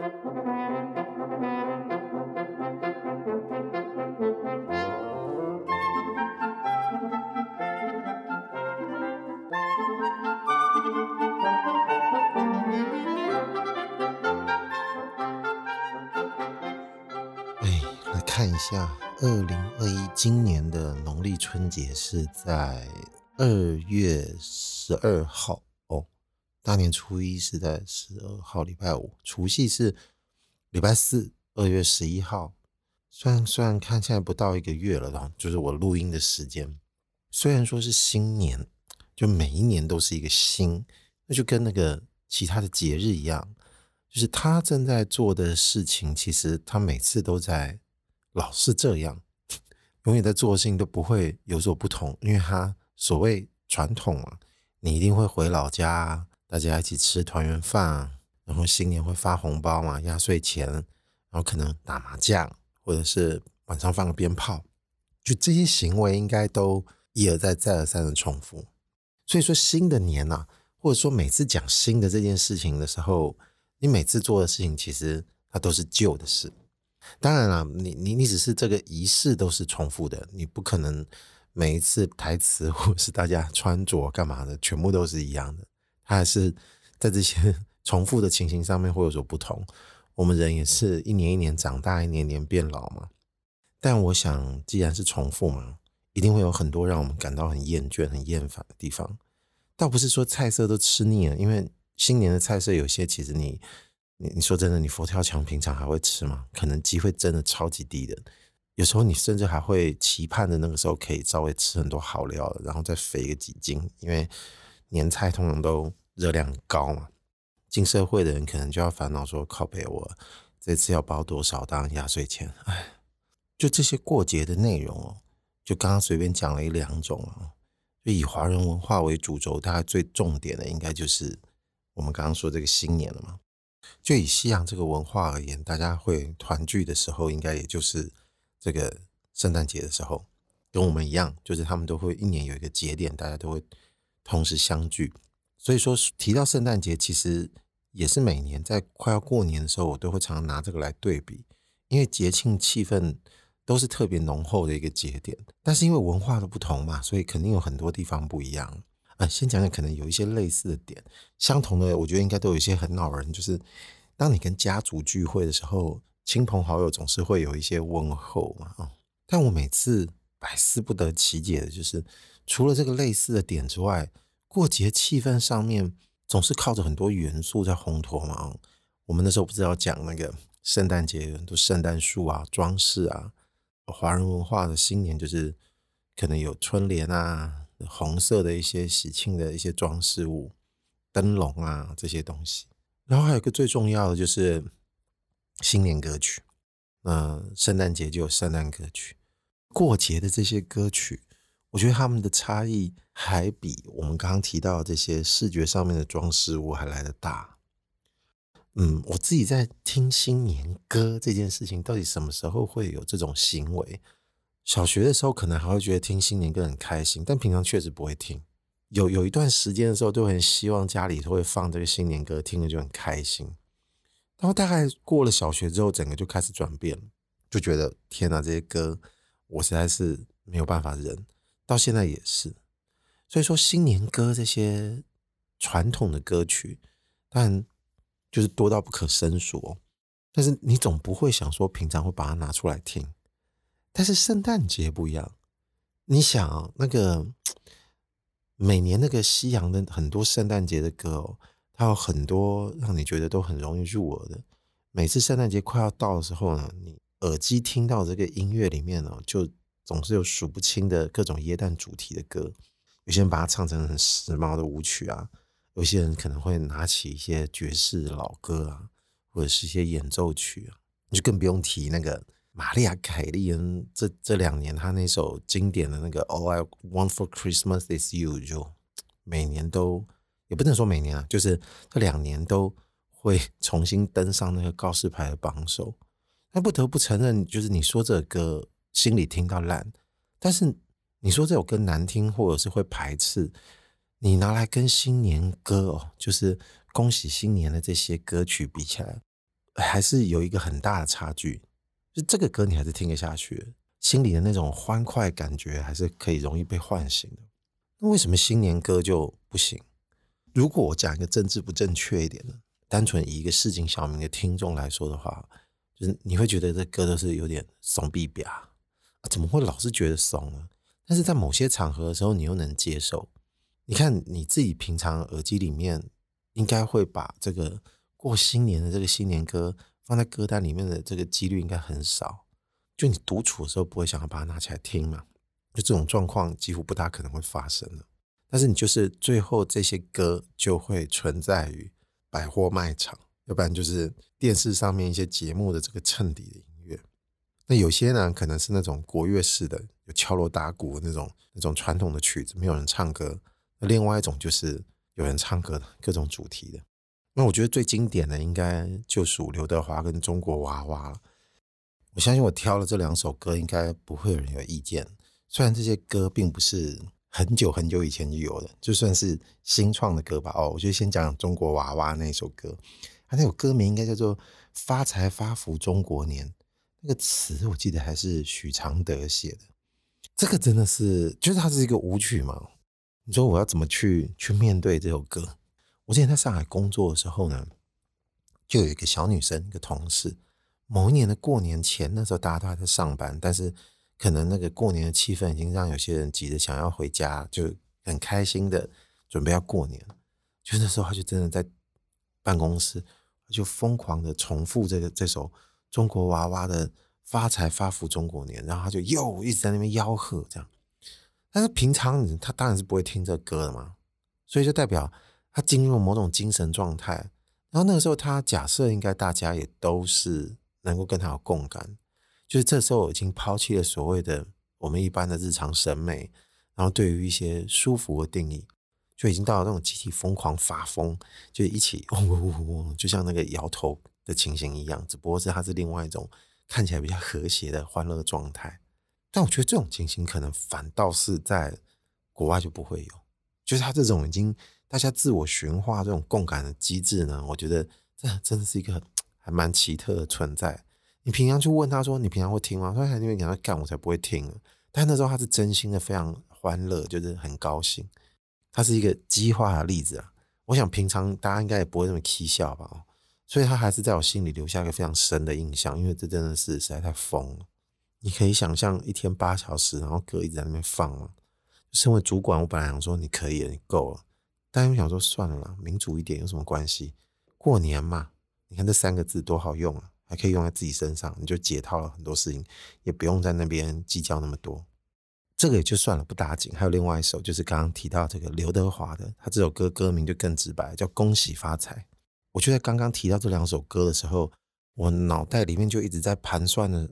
哎，來看一下，二零二一今年的農曆春節是在二月十二號。大年初一是在十二號，禮拜五；除夕是禮拜四，二月十一號。雖然雖然看現在，不到一個月了，就是我錄音的時間。雖然說是新年，就每一年都是一個新，那就跟那個其他的節日一樣，就是他正在做的事情，其實他每次都在老是這樣，永遠在做的事情都不會有所不同，因為他所謂傳統啊，你一定會回老家啊。大家一起吃團圓飯，然後新年會發紅包嘛，壓歲錢，然後可能打麻將，或者是晚上放個鞭炮，就這些行為應該都一而再、再而三的重複。所以說，新的年吶，或者說每次講新的這件事情的時候，你每次做的事情其實它都是舊的事。當然了，你你你只是這個儀式都是重複的，你不可能每一次台詞或是大家穿着幹嘛的全部都是一樣的。它還是在這些 重複的情形上面會有所不同。我們人也是一年一年長大，一年一年變老嘛。但我想，既然是重複嘛，一定會有很多讓我們感到很厭倦、很厭煩的地方。倒不是說菜色都吃膩了，因為新年的菜色有些，其實你你你說真的，你佛跳牆平常還會吃嗎？可能機會真的超級低的。有時候你甚至還會期盼著那個時候，可以稍微吃很多好料，然後再肥個幾斤，因為年菜通常都。熱量高嘛，進社會的人可能就要煩惱說，靠北我這次要包多少當壓歲錢？哎，就這些過節的內容哦、喔，就剛剛隨便講了一兩種啊、喔。就以華人文化為主軸，大概最重點的應該就是我們剛剛說這個新年了嘛。就以西洋這個文化而言，大家會團聚的時候，應該也就是這個聖誕節的時候，跟我們一樣，就是他們都會一年有一個節點，大家都會同時相聚。所以說提到聖誕節，其實也是每年在快要過年的時候，我都會常常拿這個來對比，因為節慶氣氛都是特別濃厚的一個節點。但是因為文化的不同嘛，所以肯定有很多地方不一樣。呃，先講講可能有一些類似的點，相同的，我覺得應該都有一些很惱人，就是當你跟家族聚會的時候，親朋好友總是會有一些問候嘛。但我每次百思不得其解的就是，除了這個類似的點之外。過節氣氛上面總是靠着很多元素在烘托嘛。我們那時候不是要講那個聖誕節，有很多聖誕樹啊、裝飾啊。華人文化的新年就是可能有春聯啊、紅色的一些喜慶的一些裝飾物、燈籠啊這些東西。然後還有一個最重要的就是新年歌曲，嗯，聖誕節就有聖誕歌曲、過節的這些歌曲。我覺得他們的差異還比我們剛剛提到的這些視覺上面的裝飾物還來得大。嗯，我自己在聽新年歌這件事情，到底什麼時候會有這種行為？小學的時候可能還會覺得聽新年歌很開心，但平常確實不會聽。有有一段時間的時候，都很希望家裡頭會放這個新年歌，聽了就很開心。然後大概過了小學之後，整個就開始轉變，就覺得天哪、啊，這些歌我實在是沒有辦法忍。到現在也是，所以說新年歌這些傳統的歌曲，當然就是多到不可勝數，但是你總不會想說平常會把它拿出來聽，但是聖誕節不一樣。你想、哦、那個每年那個西洋的很多聖誕節的歌哦，它有很多讓你覺得都很容易入耳的。每次聖誕節快要到的時候呢，你耳機聽到這個音樂裡面呢、哦，就。總是有數不清的各種耶誕主題的歌，有些人把它唱成很時髦的舞曲啊，有些人可能會拿起一些爵士老歌啊，或者是一些演奏曲啊，你就更不用提那個瑪利亞凱莉，這這兩年她那首經典的那個 All I Want for Christmas Is You，就每年都，也不能說每年啊，就是這兩年都會重新登上那個告示牌的榜首。他不得不承認，就是你說這個歌。心裡聽到爛，但是你說這首歌難聽，或者是會排斥，你拿來跟新年歌哦，就是恭喜新年的這些歌曲比起來，還是有一個很大的差距。就這個歌你還是聽得下去，心裡的那種歡快感覺還是可以容易被喚醒的。那為什麼新年歌就不行？如果我講一個政治不正確一點的，單純以一個市井小民的聽眾來說的話，就是你會覺得這歌都是有點聳逼撇。啊，怎麼會老是覺得慫呢？但是在某些場合的時候，你又能接受。你看你自己平常耳機裡面，應該會把這個過新年的這個新年歌放在歌單裡面的這個幾率應該很少。就你獨處的時候，不會想要把它拿起來聽嘛？就這種狀況幾乎不大可能會發生了。但是你就是最後這些歌就會存在於百貨賣場，要不然就是電視上面一些節目的這個襯底。那有些呢，可能是那種國樂式的，有敲鑼打鼓的那種那種傳統的曲子，沒有人唱歌。那另外一種就是有人唱歌的各種主題的。那我覺得最經典的應該就屬劉德華跟《中國娃娃》了。我相信我挑了這兩首歌，應該不會有人有意見。雖然這些歌並不是很久很久以前就有的，就算是新創的歌吧。哦，我就先講講《中國娃娃》那首歌，它、啊、那首歌名應該叫做《發財發福中國年》。那個詞我記得還是許常德寫的，這個真的是，就是它是一個舞曲嘛。你說我要怎麼去去面對這首歌？我之前在上海工作的時候呢，就有一個小女生，一個同事，某一年的過年前，那時候大家都還在上班，但是可能那個過年的氣氛已經讓有些人急着想要回家，就很開心的準備要過年。就那時候，他就真的在辦公室，就瘋狂的重複這個這首中國娃娃的發財發福中國年，然後他就又一直在那邊吆喝這樣，但是平常他當然是不會聽這歌的嘛，所以就代表他進入某種精神狀態。然後那個時候，他假設應該大家也都是能夠跟他有共感，就是這時候已經拋棄了所謂的我們一般的日常審美，然後對於一些舒服的定義，就已經到了那種集體瘋狂發瘋，就一起嗚嗚嗚，就像那個搖頭的情形一樣，只不過是它是另外一種看起來比較和諧的歡樂狀態。但我覺得這種情形可能反倒是在國外就不會有，就是他這種已經大家自我循環這種共感的機制呢，我覺得這真的是一個還蠻奇特的存在。你平常去問他說，你平常會聽嗎？他說因為你要干我才不會聽。但那時候他是真心的，非常歡樂，就是很高興。他是一個激化的例子啊。我想平常大家應該也不會這麼嬉笑吧。所以，他還是在我心裡留下一個非常深的印象，因為這真的是實在太瘋了。你可以想象，一天八小時，然後歌一直在那邊放了。就身為主管，我本來想說你可以了，你夠了。但又想說算了啦，民主一點有什麼關係？過年嘛，你看這三個字多好用啊，還可以用在自己身上，你就解套了很多事情，也不用在那邊計較那麼多。這個也就算了，不打緊。還有另外一首，就是剛剛提到這個劉德華的，他這首歌歌名就更直白，叫《恭喜發財》。我覺得剛剛提到這兩首歌的時候，我腦袋裡面就一直在盤算着，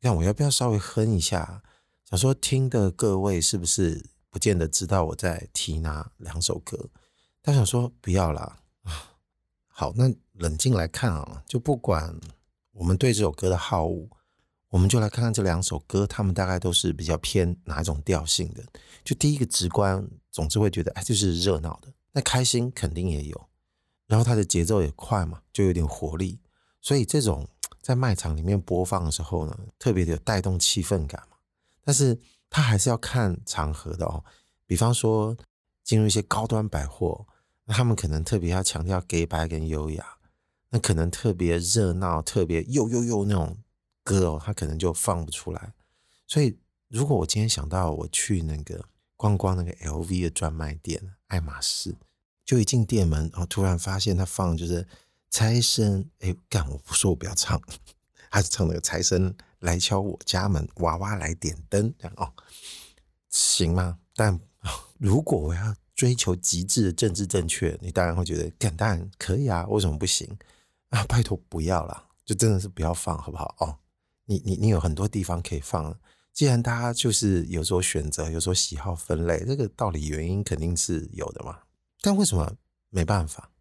讓我要不要稍微哼一下，想說聽的各位是不是不見得知道我在提哪兩首歌？他想說不要啦，啊，好，那冷靜來看啊，就不管我們對這首歌的好惡，我們就來看看這兩首歌，他們大概都是比較偏哪一種調性的？就第一個直觀，總之會覺得哎，就是熱鬧的，那開心肯定也有。然後它的節奏也快嘛，就有點活力，所以這種在賣場裡面播放的時候呢，特別的有帶動氣氛感嘛。但是它還是要看場合的哦。比方說進入一些高端百貨，那他們可能特別要強調給白跟優雅，那可能特別熱鬧、特別又又又那種歌哦，它可能就放不出來。所以如果我今天想到我去那個逛逛那個 LV 的專賣店，愛馬仕。就一進店門、哦，突然發現他放就是財神，哎、欸，幹！我不說，我不要唱，呵呵，他是唱那個財神來敲我家門，娃娃來點燈，這樣哦，行嗎？但、哦、如果我要追求極致的政治正確，你當然會覺得，幹，當然可以啊，為什麼不行？啊、拜託不要了，就真的是不要放，好不好哦？你你你有很多地方可以放，既然大家就是有時候選擇，有時候喜好分類，這個道理原因肯定是有的嘛。但為什麼沒辦法？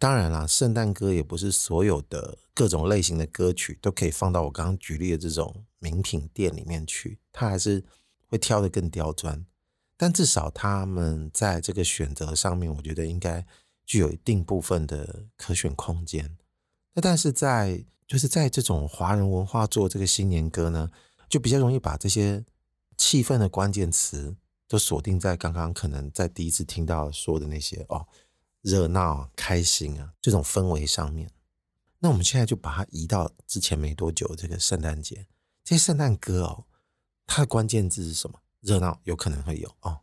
當然啦，聖誕歌也不是所有的各種類型的歌曲都可以放到我剛剛舉例的這種名品店裡面去，它還是會挑得更刁鑽。但至少他們在這個選擇上面，我覺得應該具有一定部分的可選空間。那但是在就是在這種華人文化做這個新年歌呢，就比較容易把這些氣氛的關鍵詞。就鎖定在剛剛可能在第一次聽到說的那些哦，熱鬧、開心啊這種氛圍上面。那我們現在就把它移到之前沒多久這個聖誕節，這些聖誕歌哦，它的關鍵字是什麼？熱鬧有可能會有哦，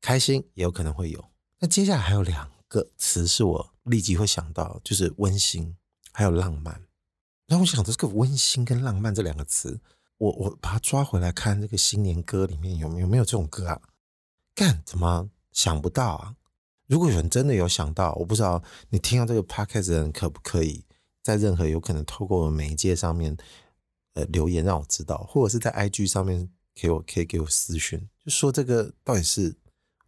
開心也有可能會有。那接下來還有兩個詞是我立即會想到，就是溫馨還有浪漫。那我想這個溫馨跟浪漫這兩個詞，我我把它抓回來看這個新年歌裡面有有沒有這種歌啊？幹？怎麼想不到啊？如果有人真的有想到，我不知道你聽到這個 podcast 人可不可以在任何有可能透過的媒介上面，呃，留言讓我知道，或者是在 IG 上面給我，可以給我私訊，就說這個到底是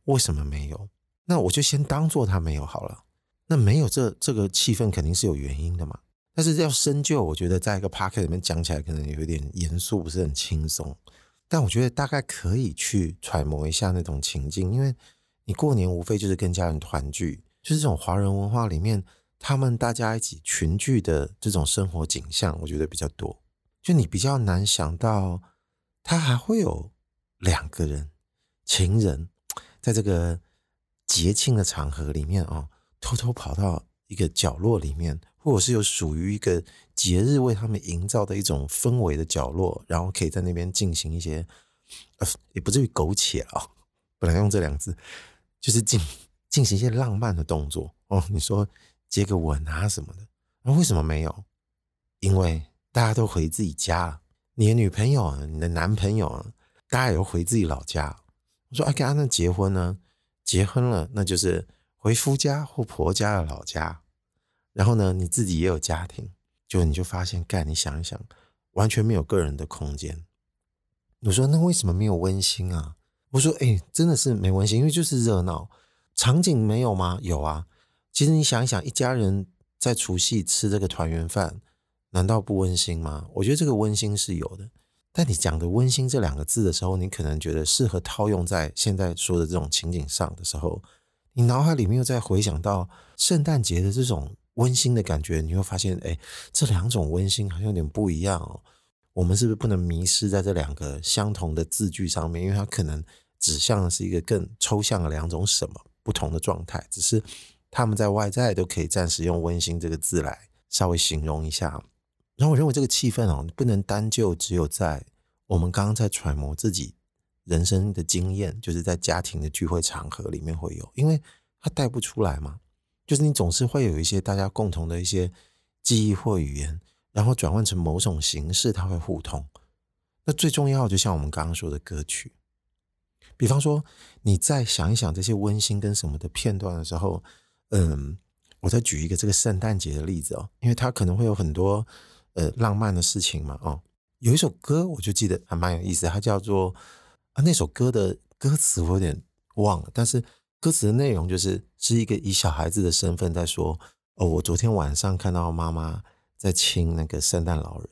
為什麼沒有？那我就先當做他沒有好了。那沒有這這個氣氛，肯定是有原因的嘛。但是要深究，我覺得在一個 podcast 裡面講起來，可能有一點嚴肅，不是很輕鬆。但我覺得大概可以去揣摩一下那種情境，因為你過年無非就是跟家人團聚，就是這種華人文化裡面，他們大家一起群聚的這種生活景象，我覺得比較多。就你比較難想到，他還會有兩個人，情人，在這個節慶的場合裡面哦，偷偷跑到一個角落裡面。如果是有屬於一個節日為他們營造的一種氛圍的角落，然後可以在那邊進行一些，呃，也不至於苟且啊、哦。本來用這兩個字，就是進進行一些浪漫的動作哦。你說接個吻啊什麼的，那、哦、為什麼沒有？因為大家都回自己家。你的女朋友、你的男朋友，大家也都回自己老家。我說，啊，跟他們結婚呢？結婚了，那就是回夫家或婆家的老家。然後呢，你自己也有家庭，就你就發現，幹你想一想，完全沒有個人的空間。我說那為什麼沒有溫馨啊？我說，誒、欸、真的是沒溫馨，因為就是熱鬧場景沒有嗎？有啊。其實你想一想，一家人在除夕吃這個團圓飯，難道不溫馨嗎？我覺得這個溫馨是有的。但你講的溫馨這兩個字的時候，你可能覺得適合套用在現在說的這種情景上的時候，你腦海裡面又再回想到聖誕節的這種。溫馨的感覺，你會發現，哎、欸，這兩種溫馨好像有點不一樣哦。我們是不是不能迷失在這兩個相同的字句上面？因為它可能指向的是一個更抽象的兩種什麼不同的狀態，只是他們在外在都可以暫時用“溫馨”這個字來稍微形容一下。然後我認為這個氣氛哦，不能單就只有在我們剛剛在揣摩自己人生的經驗，就是在家庭的聚會場合裡面會有，因為它帶不出來嘛。就是你總是會有一些大家共同的一些記憶或語言，然後轉換成某種形式，它會互通。那最重要的，就像我們剛剛說的歌曲，比方說你再想一想這些溫馨跟什麼的片段的時候，嗯，我再舉一個這個聖誕節的例子哦，因為它可能會有很多呃浪漫的事情嘛哦，有一首歌我就記得還蠻有意思，它叫做啊，那首歌的歌詞我有點忘了，但是。歌詞的內容就是是一個以小孩子的身份在說：“哦，我昨天晚上看到媽媽在親那個聖誕老人，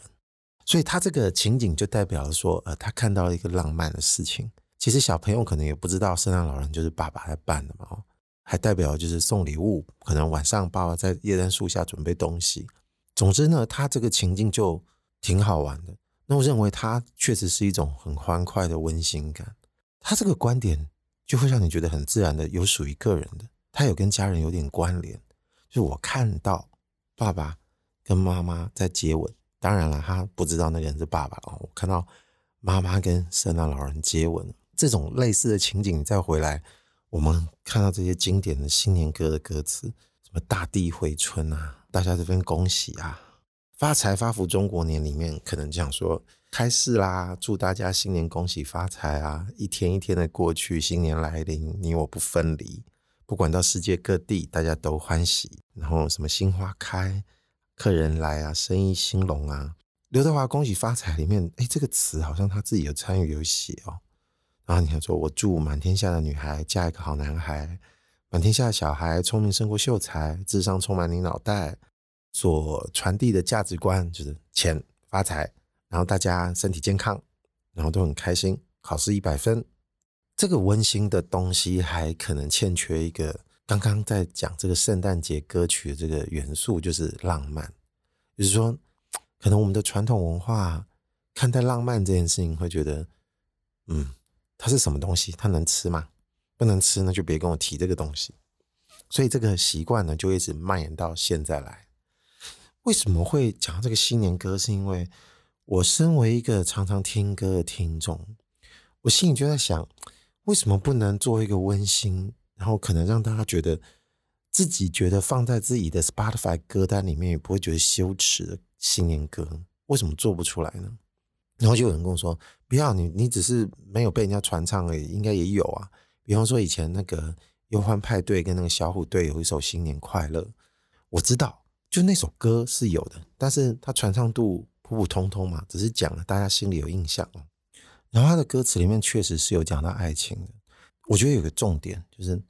所以他這個情景就代表說，呃，他看到了一個浪漫的事情。其實小朋友可能也不知道聖誕老人就是爸爸在扮的嘛，還代表就是送禮物，可能晚上爸爸在耶誕樹下準備東西。總之呢，他這個情境就挺好玩的。那我認為他確實是一種很歡快的溫馨感。他這個觀點。”就會讓你覺得很自然的，有屬於個人的，他有跟家人有點關聯。就是我看到爸爸跟媽媽在接吻，當然了，他不知道那個人是爸爸哦，我看到媽媽跟聖誕老人接吻，這種類似的情景，再回來我們看到這些經典的新年歌的歌詞，什麼大地回春啊，大家這邊恭喜啊，發財發福中國年裡面可能這樣說。開市啦！祝大家新年恭喜發財啊！一天一天的過去，新年來臨，你我不分離。不管到世界各地，大家都歡喜。然後什麼新花開，客人來啊，生意興隆啊。劉德華《恭喜發財》裡面，哎，這個詞好像他自己有參與有寫哦。然後你還說我祝滿天下的女孩嫁一個好男孩，滿天下的小孩聰明勝過秀才，智商充滿你腦袋。所傳遞的價值觀就是錢發財。然後大家身體健康，然後都很開心，考試一百分。這個溫馨的東西還可能欠缺一個剛剛在講這個聖誕節歌曲的這個元素，就是浪漫。就是說，可能我們的傳統文化看待浪漫這件事情，會覺得，嗯，它是什麼東西？它能吃嗎？不能吃，那就別跟我提這個東西。所以這個習慣呢，就一直蔓延到現在來。為什麼會講這個新年歌？是因為。我身為一個常常聽歌的聽眾，我心裡就在想，為什麼不能做一個溫馨，然後可能讓大家覺得自己覺得放在自己的 Spotify 歌單裡面也不會覺得羞恥的新年歌？為什麼做不出來呢？然後就有人跟我說：“不要你，你只是沒有被人家傳唱而已，應該也有啊。比方說以前那個憂歡派對跟那個小虎隊有一首《新年快樂》，我知道，就那首歌是有的，但是它傳唱度。”普普通通嘛，只是講了，大家心裡有印象。然後他的歌詞裡面確實是有講到愛情的，我覺得有個重點就是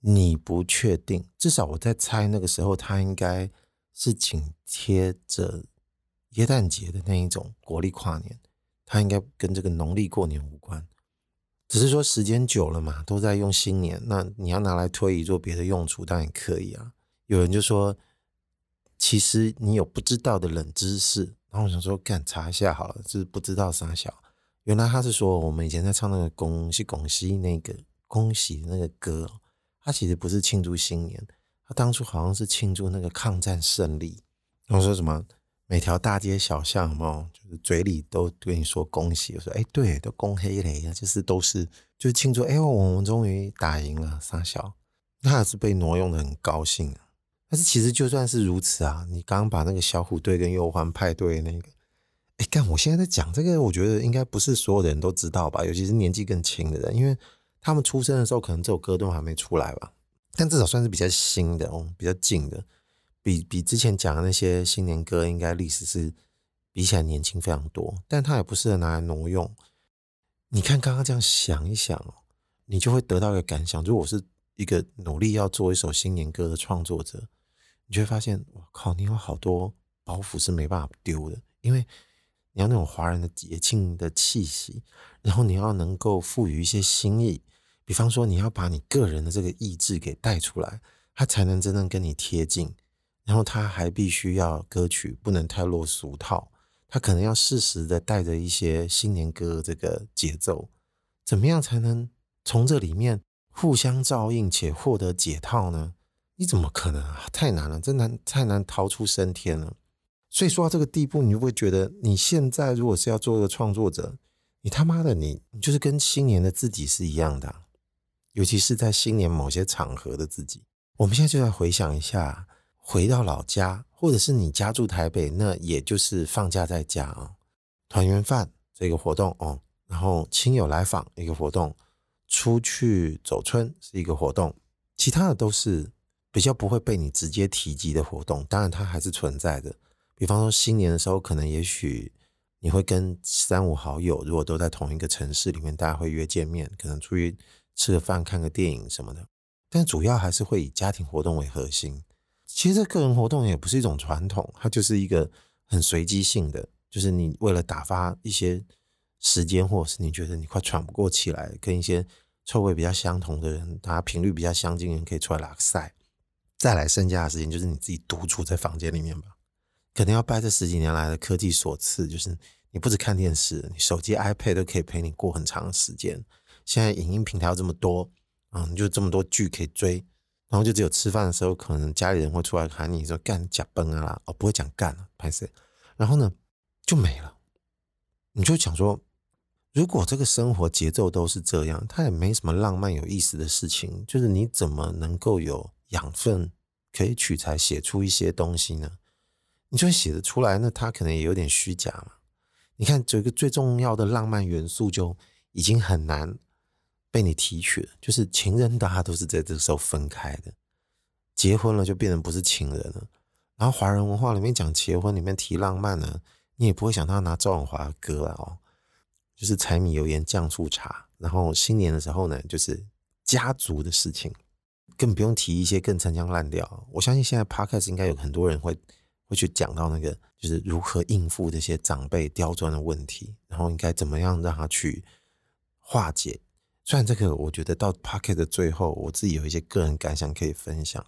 你不確定，至少我在猜那個時候他應該是緊貼着耶誕節的那一種國曆跨年，他應該跟這個農曆過年無關。只是說時間久了嘛，都在用新年，那你要拿來推移做別的用處，當然可以啊。有人就說，其實你有不知道的冷知識。然後我想說，幹，查一下好了，就是不知道三小，原來他是說我們以前在唱那個《恭喜恭喜》那個恭喜那個歌，他其實不是慶祝新年，他當初好像是慶祝那個抗戰勝利。我說什麼？每條大街小巷，有沒有？就是嘴裡都對你說恭喜。我說，哎，對，都恭黑一的，就是都是，就是慶祝，哎，我們終於打贏了，三小，那是被挪用的，很高興啊。但是其實就算是如此啊，你剛剛把那個小虎隊跟《憂歡派對》那個，哎，但我現在在講這個，我覺得應該不是所有的人都知道吧，尤其是年紀更輕的人，因為他們出生的時候可能這首歌都還沒出來吧。但至少算是比較新的，哦、比較近的，比比之前講的那些新年歌，應該歷史是比起來年輕非常多。但他也不適合拿來挪用。你看剛剛這樣想一想哦，你就會得到一個感想：如果我是一個努力要做一首新年歌的創作者。你就會發現，我靠，你有好多包袱是沒辦法丟的，因為你要那種華人的節慶的氣息，然後你要能夠賦予一些新意，比方說你要把你個人的這個意志給帶出來，他才能真正跟你貼近，然後他還必須要歌曲不能太落俗套，他可能要適時的帶着一些新年歌這個節奏，怎麼樣才能從這裡面互相照應且獲得解套呢？你怎麼可能啊？太難了，真難，太難逃出生天了。所以說到這個地步，你就會覺得你現在如果是要做一個創作者，你他媽的你，你你就是跟新年的自己是一樣的、啊。尤其是在新年某些場合的自己，我們現在就來回想一下：回到老家，或者是你家住台北，那也就是放假在家啊、哦，團圓飯這個活動哦，然後親友來訪一個活動，出去走春是一個活動，其他的都是。比較不會被你直接提及的活動，當然它還是存在的。比方說新年的時候，可能也許你會跟三五好友，如果都在同一個城市裡面，大家會約見面，可能出去吃個飯、看個電影什麼的。但主要還是會以家庭活動為核心。其實這個個人活動也不是一種傳統，它就是一個很隨機性的，就是你為了打發一些時間，或者是你覺得你快喘不過氣來，跟一些臭味比較相同的人，大家頻率比較相近的人，可以出來拉個賽。再來剩下的時間就是你自己獨處在房間裡面吧，可能要拜這十幾年來的科技所賜，就是你不止看電視，你手機、iPad 都可以陪你過很長的時間。現在影音平台有這麼多，啊、嗯，你就這麼多劇可以追，然後就只有吃飯的時候，可能家裡人會出來喊你，說“乾假崩啊”哦，不會講“乾”啊，拍謝，然後呢，就沒了。你就想說，如果這個生活節奏都是這樣，它也沒什麼浪漫、有意思的事情，就是你怎麼能夠有？養分可以取材寫出一些東西呢，你就會寫得出來，那它可能也有點虛假嘛。你看，這個最重要的浪漫元素就已經很難被你提取了。就是情人，大家都是在這個時候分開的，結婚了就變成不是情人了。然後，華人文化裡面講結婚，裡面提浪漫呢，你也不會想到他拿趙詠華的歌啊，哦，就是柴米油鹽醬醋茶。然後，新年的時候呢，就是家族的事情。更不用提一些更陳腔濫調。我相信現在 Podcast 應該有很多人會會去講到那個，就是如何應付這些長輩刁鑽的問題，然後應該怎麼樣讓他去化解。雖然這個我覺得到 Podcast 的最後，我自己有一些個人感想可以分享，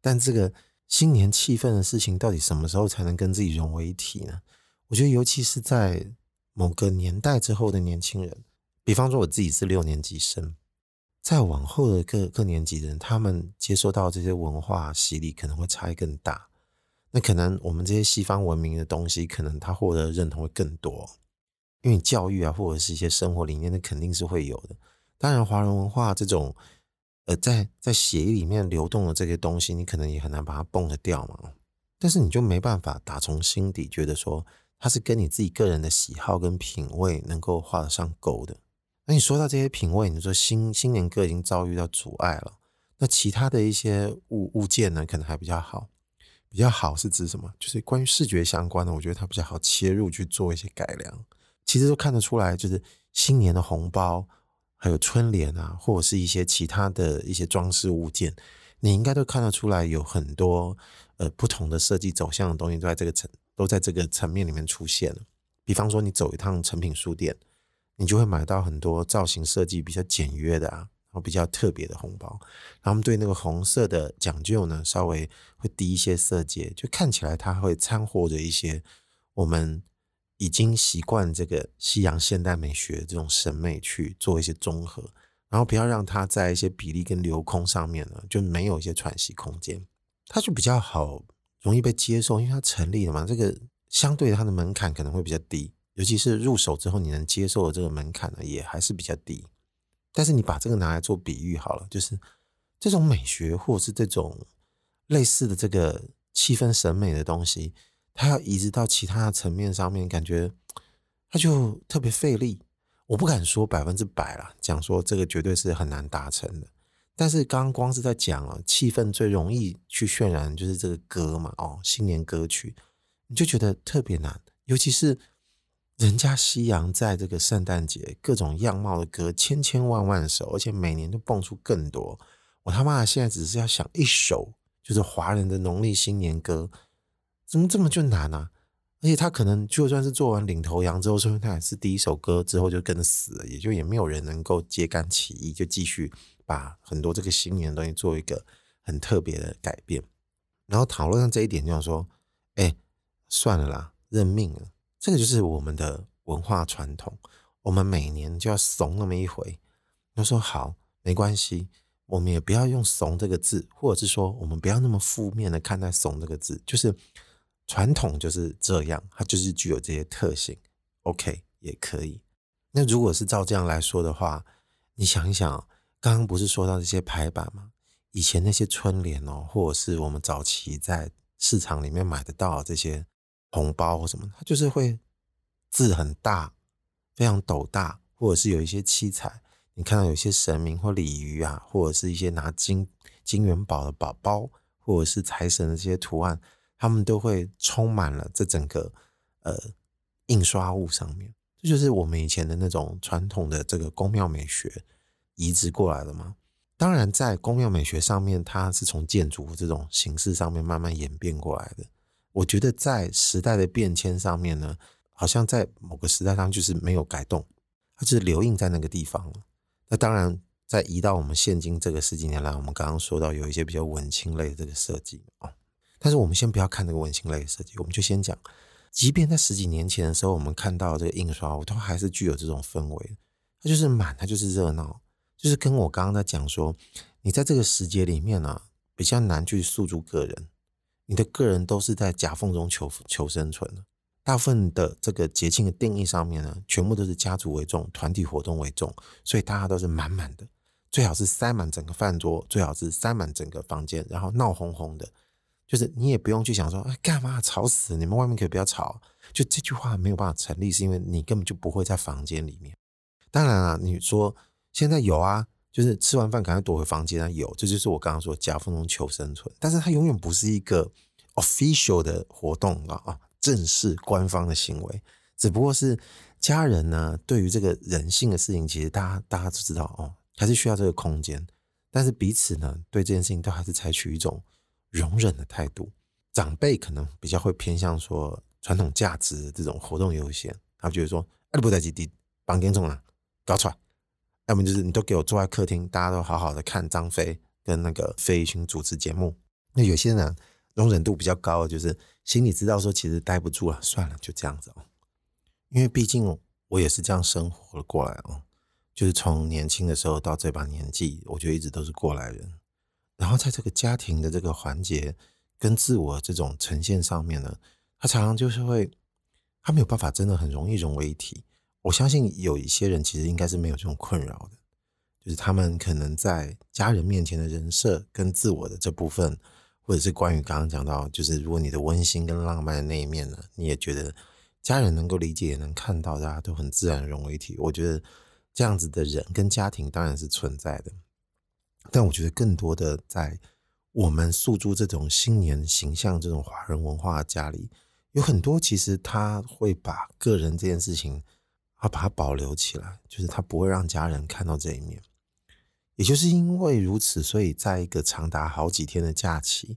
但這個新年氣氛的事情到底什麼時候才能跟自己融為一體呢？我覺得，尤其是在某個年代之後的年輕人，比方說我自己是六年級生。再往後的各各年級的人，他們接受到這些文化洗禮，可能會差異更大。那可能我們這些西方文明的東西，可能他獲得認同會更多，因為教育啊，或者是一些生活理念，那肯定是會有的。當然，華人文化這種，呃，在在血液裡面流動的這些東西，你可能也很難把它蹦得掉嘛。但是你就沒辦法打從心底覺得說，它是跟你自己個人的喜好跟品味能夠畫得上勾的。那你說到這些品味，你說新新年歌已經遭遇到阻礙了，那其他的一些物物件呢，可能還比較好，比較好是指什麼？就是關於視覺相關的，我覺得它比較好切入去做一些改良。其實都看得出來，就是新年的紅包，還有春聯啊，或者是一些其他的一些裝飾物件，你應該都看得出來，有很多呃不同的設計走向的東西都在這個層都在這個層面裡面出現了。比方說，你走一趟誠品書店。你就會買到很多造型設計比較簡約的啊，然後比較特別的紅包。然後我們對那個紅色的講究呢，稍微會低一些色階，就看起來它會摻和着一些我們已經習慣這個西洋現代美學這種審美去做一些綜合，然後不要讓它在一些比例跟留空上面呢，就沒有一些喘息空間，它就比較好容易被接受，因為它成立了嘛，這個相對它的門檻可能會比較低。尤其是入手之後，你能接受的這個門檻呢，也還是比較低。但是你把這個拿來做比喻好了，就是這種美學或者是這種類似的這個氣氛審美的東西，它要移植到其他的層面上面，感覺它就特別費力。我不敢說百分之百啦，講說這個絕對是很難達成的。但是剛剛光是在講了氣氛最容易去渲染，就是這個歌嘛，哦，新年歌曲，你就覺得特別難，尤其是。人家西洋在這個聖誕節各種樣貌的歌千千萬萬首，而且每年都蹦出更多。我他媽的現在只是要想一首，就是華人的農曆新年歌，怎麼這麼就難啊？而且他可能就算是做完領頭羊之後，說明他也是第一首歌之後就跟着死了，也就也沒有人能夠揭竿起義，就繼續把很多這個新年的東西做一個很特別的改變。然後討論上這一點，就想說，哎，算了啦，認命了。這個就是我們的文化傳統，我們每年就要慫那麼一回。他說好，沒關係，我們也不要用“慫”這個字，或者是說，我們不要那麼負面的看待“慫”這個字。就是傳統就是這樣，它就是具有這些特性。OK，也可以。那如果是照這樣來說的話，你想一想，剛剛不是說到這些排版嗎？以前那些春聯哦，或者是我們早期在市場裡面買得到這些。紅包或什麼，它就是會字很大，非常斗大，或者是有一些器材，你看到有些神明或鯉魚啊，或者是一些拿金金元寶的寶寶，或者是財神的這些圖案，他們都會充滿了這整個呃印刷物上面。這就是我們以前的那種傳統的這個宮廟美學移植過來的嘛。當然，在宮廟美學上面，它是從建築這種形式上面慢慢演變過來的。我覺得在時代的變遷上面呢，好像在某個時代上就是沒有改動，它是留印在那個地方了。那當然，再移到我們現今這個十幾年來，我們剛剛說到有一些比較文青類的這個設計。但是我們先不要看這個文青類的設計，我們就先講，即便在十幾年前的時候，我們看到這個印刷，我都還是具有這種氛圍，它就是滿，它就是熱鬧，就是跟我剛剛在講說，你在這個時節裡面啊，比較難去訴諸個人。你的個人都是在夾縫中求求生存的。大部分的這個節慶的定義上面呢，全部都是家族為重，團體活動為重，所以大家都是滿滿的，最好是塞滿整個飯桌，最好是塞滿整個房間，然後鬧哄哄的。就是你也不用去想說，哎，幹嘛吵死？你們外面可以不要吵，就這句話沒有辦法成立，是因為你根本就不會在房間裡面。當然了，你說現在有啊。就是吃完飯趕快躲回房間啊，有，這就是我剛剛說的夾縫中求生存。但是它永遠不是一個 official 的活動啊，啊，正式官方的行為，只不過是家人呢對於這個人性的事情，其實大家大家都知道哦，還是需要這個空間。但是彼此呢對這件事情都還是採取一種容忍的態度。長輩可能比較會偏向說傳統價值的這種活動優先，他覺得說哎，不在這地綁緊中啦，搞出來。要麼、啊、就是你都給我坐在客廳，大家都好好的看張菲跟那個費玉清主持節目。那有些人容忍度比較高，就是心裡知道說其實待不住了，算了，就這樣子哦。因為畢竟我也是這樣生活過來哦，就是從年輕的時候到這把年紀，我覺得一直都是過來人。然後在這個家庭的這個環節跟自我這種呈現上面呢，他常常就是會，他沒有辦法，真的很容易融為一體。我相信有一些人其實應該是沒有這種困擾的，就是他們可能在家人面前的人設跟自我的這部分，或者是關於剛剛講到，就是如果你的溫馨跟浪漫的那一面呢，你也覺得家人能夠理解、能看到，大家都很自然融為一體。我覺得這樣子的人跟家庭當然是存在的，但我覺得更多的在我們訴諸這種新年形象、這種華人文化的家裡，有很多其實他會把個人這件事情。把它保留起來，就是它不會讓家人看到這一面。也就是因為如此，所以在一個長達好幾天的假期，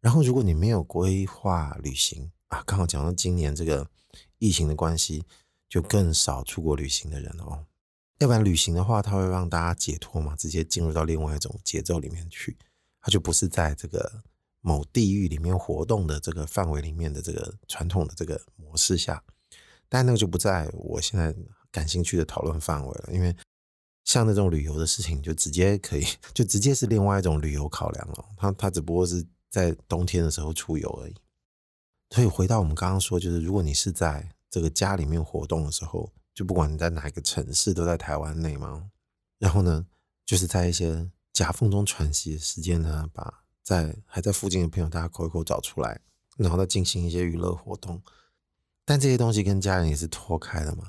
然後如果你沒有規劃旅行啊，剛好講到今年這個疫情的關係，就更少出國旅行的人哦，要不然旅行的話，它會讓大家解脫嘛，直接進入到另外一種節奏裡面去，它就不是在這個某地域裡面活動的這個範圍裡面的這個傳統的這個模式下。但那個就不在我現在感興趣的討論範圍了，因為像那種旅遊的事情，就直接可以，就直接是另外一種旅遊考量了。它它只不過是在冬天的時候出遊而已。所以回到我們剛剛說，就是如果你是在這個家裡面活動的時候，就不管你在哪一個城市，都在台灣內嘛。然後呢，就是在一些夾縫中喘息的時間呢，把在還在附近的朋友，大家口一口找出來，然後再進行一些娛樂活動。但這些東西跟家人也是脫開的嘛，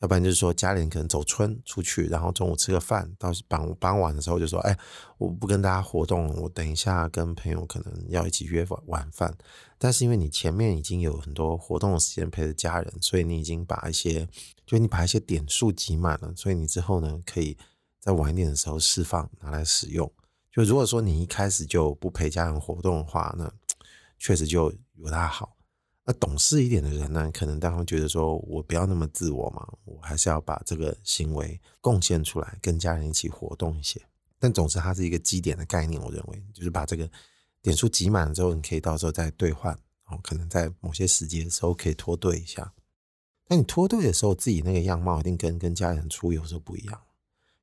要不然就是說家裡人可能走春出去，然後中午吃個飯，到傍傍晚的時候就說，哎，我不跟大家活動了，我等一下跟朋友可能要一起約晚晚飯。但是因為你前面已經有很多活動的時間陪着家人，所以你已經把一些，就你把一些點數集滿了，所以你之後呢，可以再晚一點的時候釋放拿來使用。就如果說你一開始就不陪家人活動的話，那確實就不大好。那懂事一點的人呢，可能大家會覺得說：“我不要那麼自我嘛，我還是要把這個行為貢獻出來，跟家人一起活動一些。”但總之，它是一個集點的概念。我認為，就是把這個點數集滿了之後，你可以到時候再兌換。哦，可能在某些時間的時候可以脫隊一下。但你脫隊的時候，自己那個樣貌一定跟跟家人出遊時候不一樣。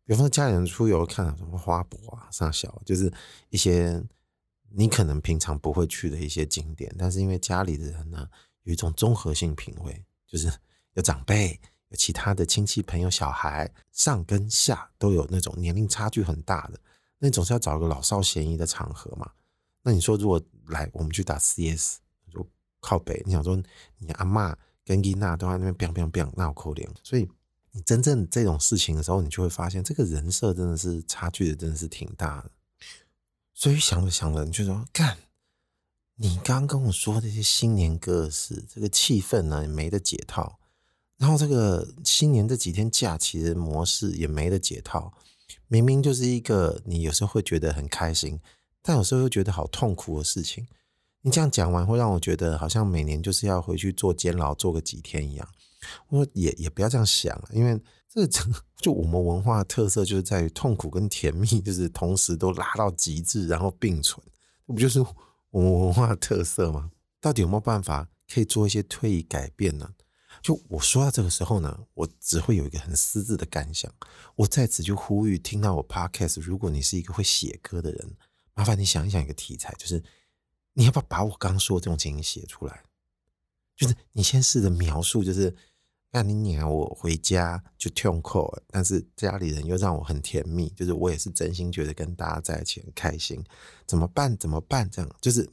比方說，家裡人出遊看什麼花博啊、上小，就是一些。你可能平常不會去的一些景點，但是因為家裡的人呢，有一種綜合性品味，就是有長輩、有其他的親戚朋友、小孩，上跟下都有那種年齡差距很大的，那你總是要找一個老少咸宜的場合嘛。那你說如果來我們去打 CS，就靠北，你想說你阿嬤跟伊娜都在那邊乒乒乒，那好可憐。所以你真正這種事情的時候，你就會發現這個人設真的是差距的，真的是挺大的。所以想著想著，你就說，幹。你剛剛跟我說這些新年歌是，這個氣氛呢也沒得解套。然後這個新年這幾天假期的模式也沒得解套。明明就是一個你有時候會覺得很開心，但有時候又覺得好痛苦的事情。你這樣講完，會讓我覺得好像每年就是要回去坐監牢，坐個幾天一樣。我說也也不要這樣想，因為這整個就我們文化的特色就是在於痛苦跟甜蜜，就是同時都拉到極致，然後並存，這不就是我們文化特色嗎？到底有沒有辦法可以做一些推移改變呢？就我說到這個時候呢，我只會有一個很私自的感想，我在此就呼籲聽到我 podcast，如果你是一個會寫歌的人，麻煩你想一想一個題材，就是你要不要把我剛說的這種情形寫出來？就是你先試着描述，就是。那、啊、你攆、啊、我回家就痛哭，但是家裡人又讓我很甜蜜，就是我也是真心覺得跟大家在一起很開心，怎麼辦？怎麼辦？這樣就是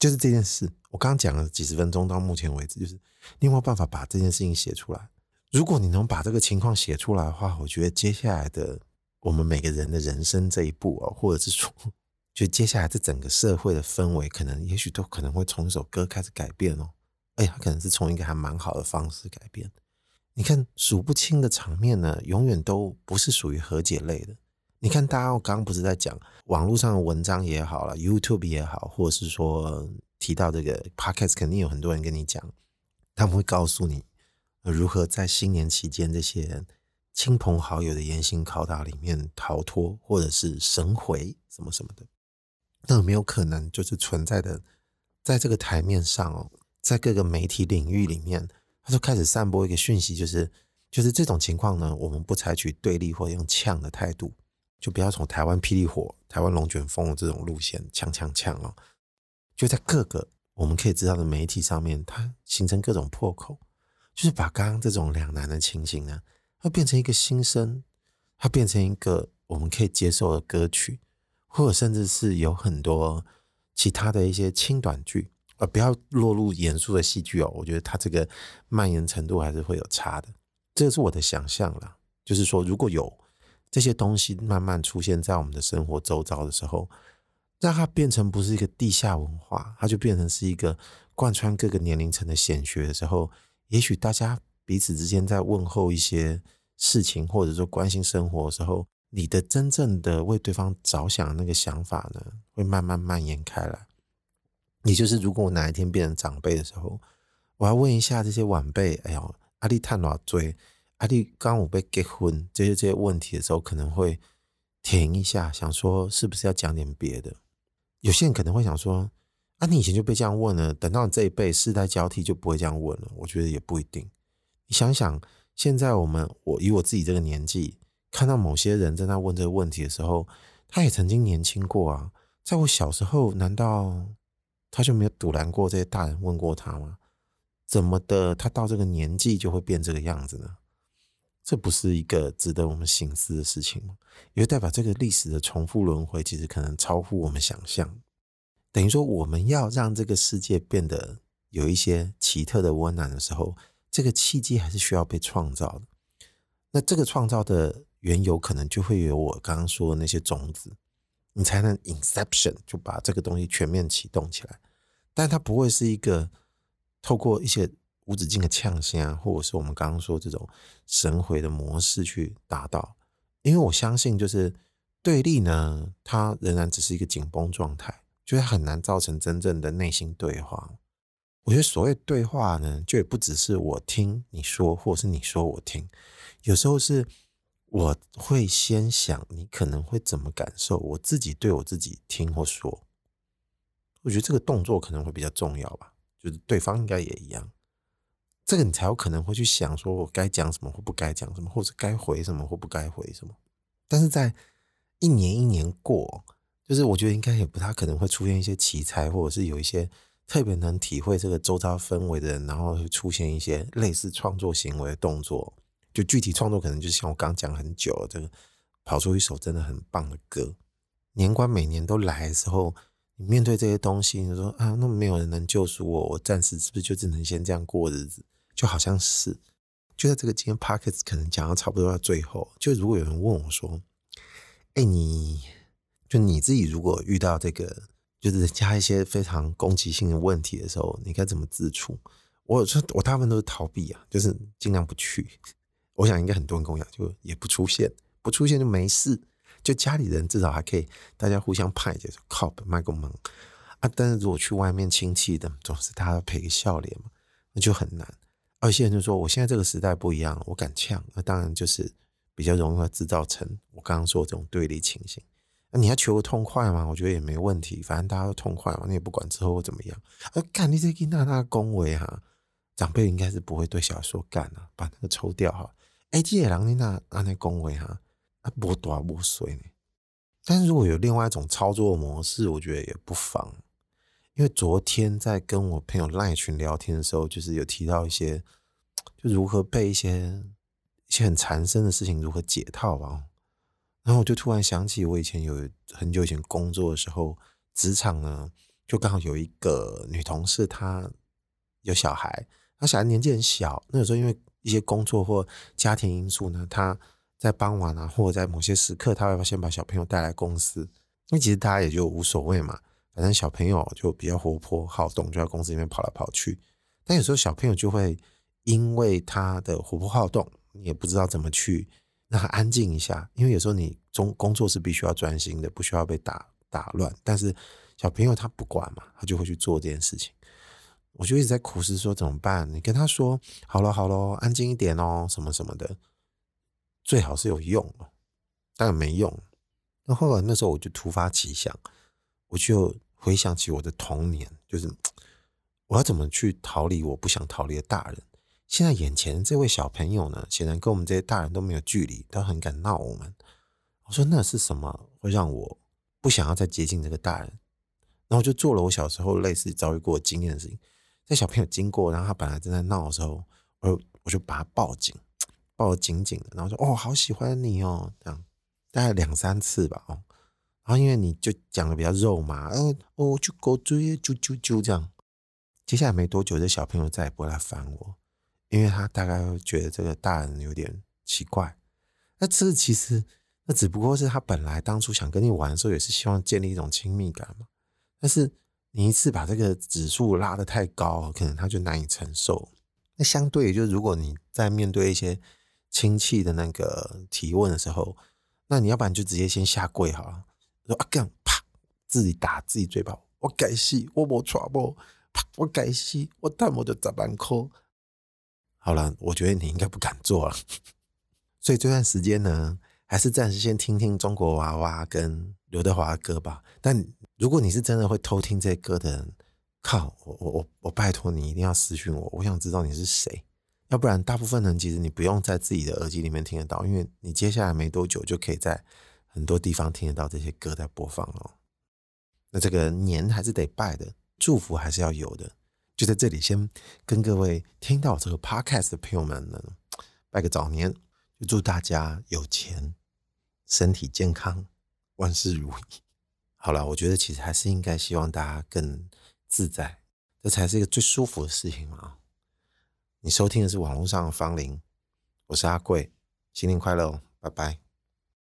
就是這件事。我剛剛講了幾十分鐘，到目前為止，就是你有沒有辦法把這件事情寫出來？如果你能把這個情況寫出來的話，我覺得接下來的我們每個人的人生這一步哦，或者是說，就接下來這整個社會的氛圍，可能也許都可能會從一首歌開始改變哦。哎呀，他可能是從一個還蠻好的方式改變。你看數不清的場面呢，永遠都不是屬於和解類的。你看大家、哦、剛、剛不是在講網絡上的文章也好了，YouTube 也好，或者是說提到這個 Podcast，肯定有很多人跟你講，他們會告訴你、呃、如何在新年期間這些親朋好友的嚴刑拷打裡面逃脫，或者是神回什麼什麼的。那有沒有可能就是存在的在這個台面上哦？在各個媒體領域裡面，他就開始散播一個訊息，就是就是這種情況呢，我們不採取對立或用嗆的態度，就不要從台灣霹靂火、台灣龍捲風這種路線嗆嗆嗆哦。就在各個我們可以知道的媒體上面，它形成各種破口，就是把剛剛這種兩難的情形呢，它變成一個新生，它變成一個我們可以接受的歌曲，或者甚至是有很多其他的一些輕短劇。呃，不要落入嚴肅的戲劇哦。我覺得它這個蔓延程度還是會有差的，這是我的想象啦。就是說，如果有這些東西慢慢出現在我們的生活周遭的時候，讓它變成不是一個地下文化，它就變成是一個貫穿各個年齡層的顯學的時候，也許大家彼此之間在問候一些事情，或者說關心生活的時候，你的真正的為對方着想的那個想法呢，會慢慢蔓延開來。也就是，如果我哪一天變成長輩的時候，我要問一下這些晚輩：“哎喲，阿力探老追，阿力剛我被結婚，這些這些問題的時候，可能會停一下，想說是不是要講點別的？”有些人可能會想說：“啊，你以前就被這樣問了，等到你這一輩世代交替，就不會這樣問了。”我覺得也不一定。你想想，現在我們我以我自己這個年紀，看到某些人在那問這個問題的時候，他也曾經年輕過啊。在我小時候，難道？他就沒有阻攔過這些大人問過他嗎？怎麼的，他到這個年紀就會變這個樣子呢？這不是一個值得我們省思的事情嗎？也代表這個歷史的重複輪回，其實可能超乎我們想象。等於說，我們要讓這個世界變得有一些奇特的溫暖的時候，這個契機還是需要被創造的。那這個創造的緣由，可能就會有我剛剛說的那些種子。你才能 inception 就把這個東西全面啟動起來，但它不會是一個透過一些無止境的嗆聲啊，或者是我們剛剛說這種神回的模式去達到。因為我相信，就是對立呢，它仍然只是一個緊繃狀態，就是很難造成真正的內心對話。我覺得所謂對話呢，就也不只是我聽你說，或者是你說我聽，有時候是。我會先想你可能會怎麼感受，我自己對我自己聽或說，我覺得這個動作可能會比較重要吧。就是對方應該也一樣，這個你才有可能會去想說我該講什麼或不該講什麼，或者該回什麼或不該回什麼。但是在一年一年過，就是我覺得應該也不太可能會出現一些奇才，或者是有一些特別能體會這個周遭氛圍的人，然後出現一些類似創作行為的動作。就具體創作可能就像我剛講很久了，這個跑出一首真的很棒的歌。年關每年都來的時候，你面對這些東西，你說啊，那麼沒有人能救贖我，我暫時是不是就只能先這樣過日子？就好像是就在這個今天，podcast 可能講到差不多到最後，就如果有人問我說：“哎、欸，你就你自己如果遇到這個，就是加一些非常攻擊性的問題的時候，你該怎麼自處？”我說我大部分都是逃避啊，就是儘量不去。我想應該很多人供養，就也不出現，不出現就沒事，就家裡人至少還可以，大家互相派，就是靠賣個萌啊。但是如果去外面親戚的，總是他陪個笑臉嘛，那就很難、啊。有些人就說，我現在這個時代不一樣了，我敢嗆，那、啊、當然就是比較容易製造成我剛剛說的這種對立情形。那、啊、你要求個痛快嘛，我覺得也沒問題，反正大家都痛快嘛，你也不管之後會怎麼樣。啊，幹，你些給他娜恭維哈，長輩應該是不會對小孩說幹啊，把那個抽掉哈。哎，杰爾朗妮娜，阿那恭維他，阿不躲不隨呢。但是如果有另外一種操作模式，我覺得也不妨。因為昨天在跟我朋友賴群聊天的時候，就是有提到一些，就如何被一些一些很纏身的事情如何解套吧。然後我就突然想起，我以前有很久以前工作的時候，職場呢，就剛好有一個女同事，她有小孩，她小孩年紀很小，那有時候因為。一些工作或家庭因素呢，他在傍晚啊，或者在某些時刻，他會先把小朋友帶來公司。那其實他也就無所謂嘛，反正小朋友就比較活潑好動，就在公司裡面跑來跑去。但有時候小朋友就會因為他的活潑好動，也不知道怎麼去讓他安靜一下，因為有時候你中工作是必須要專心的，不需要被打打亂。但是小朋友他不管嘛，他就會去做這件事情。我就一直在苦思說怎麼辦？你跟他說好了，好嘍，安靜一點哦，什麼什麼的，最好是有用哦，但沒用。那後來那時候我就突發奇想，我就回想起我的童年，就是我要怎麼去逃離我不想逃離的大人。現在眼前這位小朋友呢，顯然跟我們這些大人都沒有距離，他很敢鬧我們。我說那是什麼會讓我不想要再接近這個大人，然後就做了我小時候類似遭遇過的經驗的事情。這小朋友經過，然後他本來正在鬧的時候，我就，我就把他抱緊，抱得緊緊的，然後說：“哦，好喜歡你哦。”這樣大概兩三次吧，哦，然後因為你就講得比較肉麻，哎、哦我就狗追啾啾啾這樣。接下來沒多久，這小朋友再也不會來煩我，因為他大概會覺得這個大人有點奇怪。那這其實，那只不過是他本來當初想跟你玩的時候，也是希望建立一種親密感嘛，但是。你一次把這個指數拉得太高，可能他就難以承受。那相對、就是，就如果你在面對一些親戚的那個提問的時候，那你要不然就直接先下跪好了。說啊剛啪，自己打自己嘴巴，我該死，我冇錯我啪，我該死，我淡我就砸板。口。好了，我覺得你應該不敢做了、啊。 所以這段時間呢，還是暫時先聽聽中國娃娃跟劉德華的歌吧。但如果你是真的會偷聽這些歌的人，靠！我我我我拜託你一定要私訊我，我想知道你是誰？要不然，大部分人其實你不用在自己的耳機裡面聽得到，因為你接下來沒多久就可以在很多地方聽得到這些歌在播放了。那這個年還是得拜的，祝福還是要有的。就在這裡，先跟各位聽到這個 podcast 的朋友們呢，拜個早年，就祝大家有錢、身體健康、萬事如意。好了，我覺得其實還是應該希望大家更自在，這才是一個最舒服的事情嘛。你收聽的是網絡上的方齡，我是阿貴，新年快樂哦，拜拜。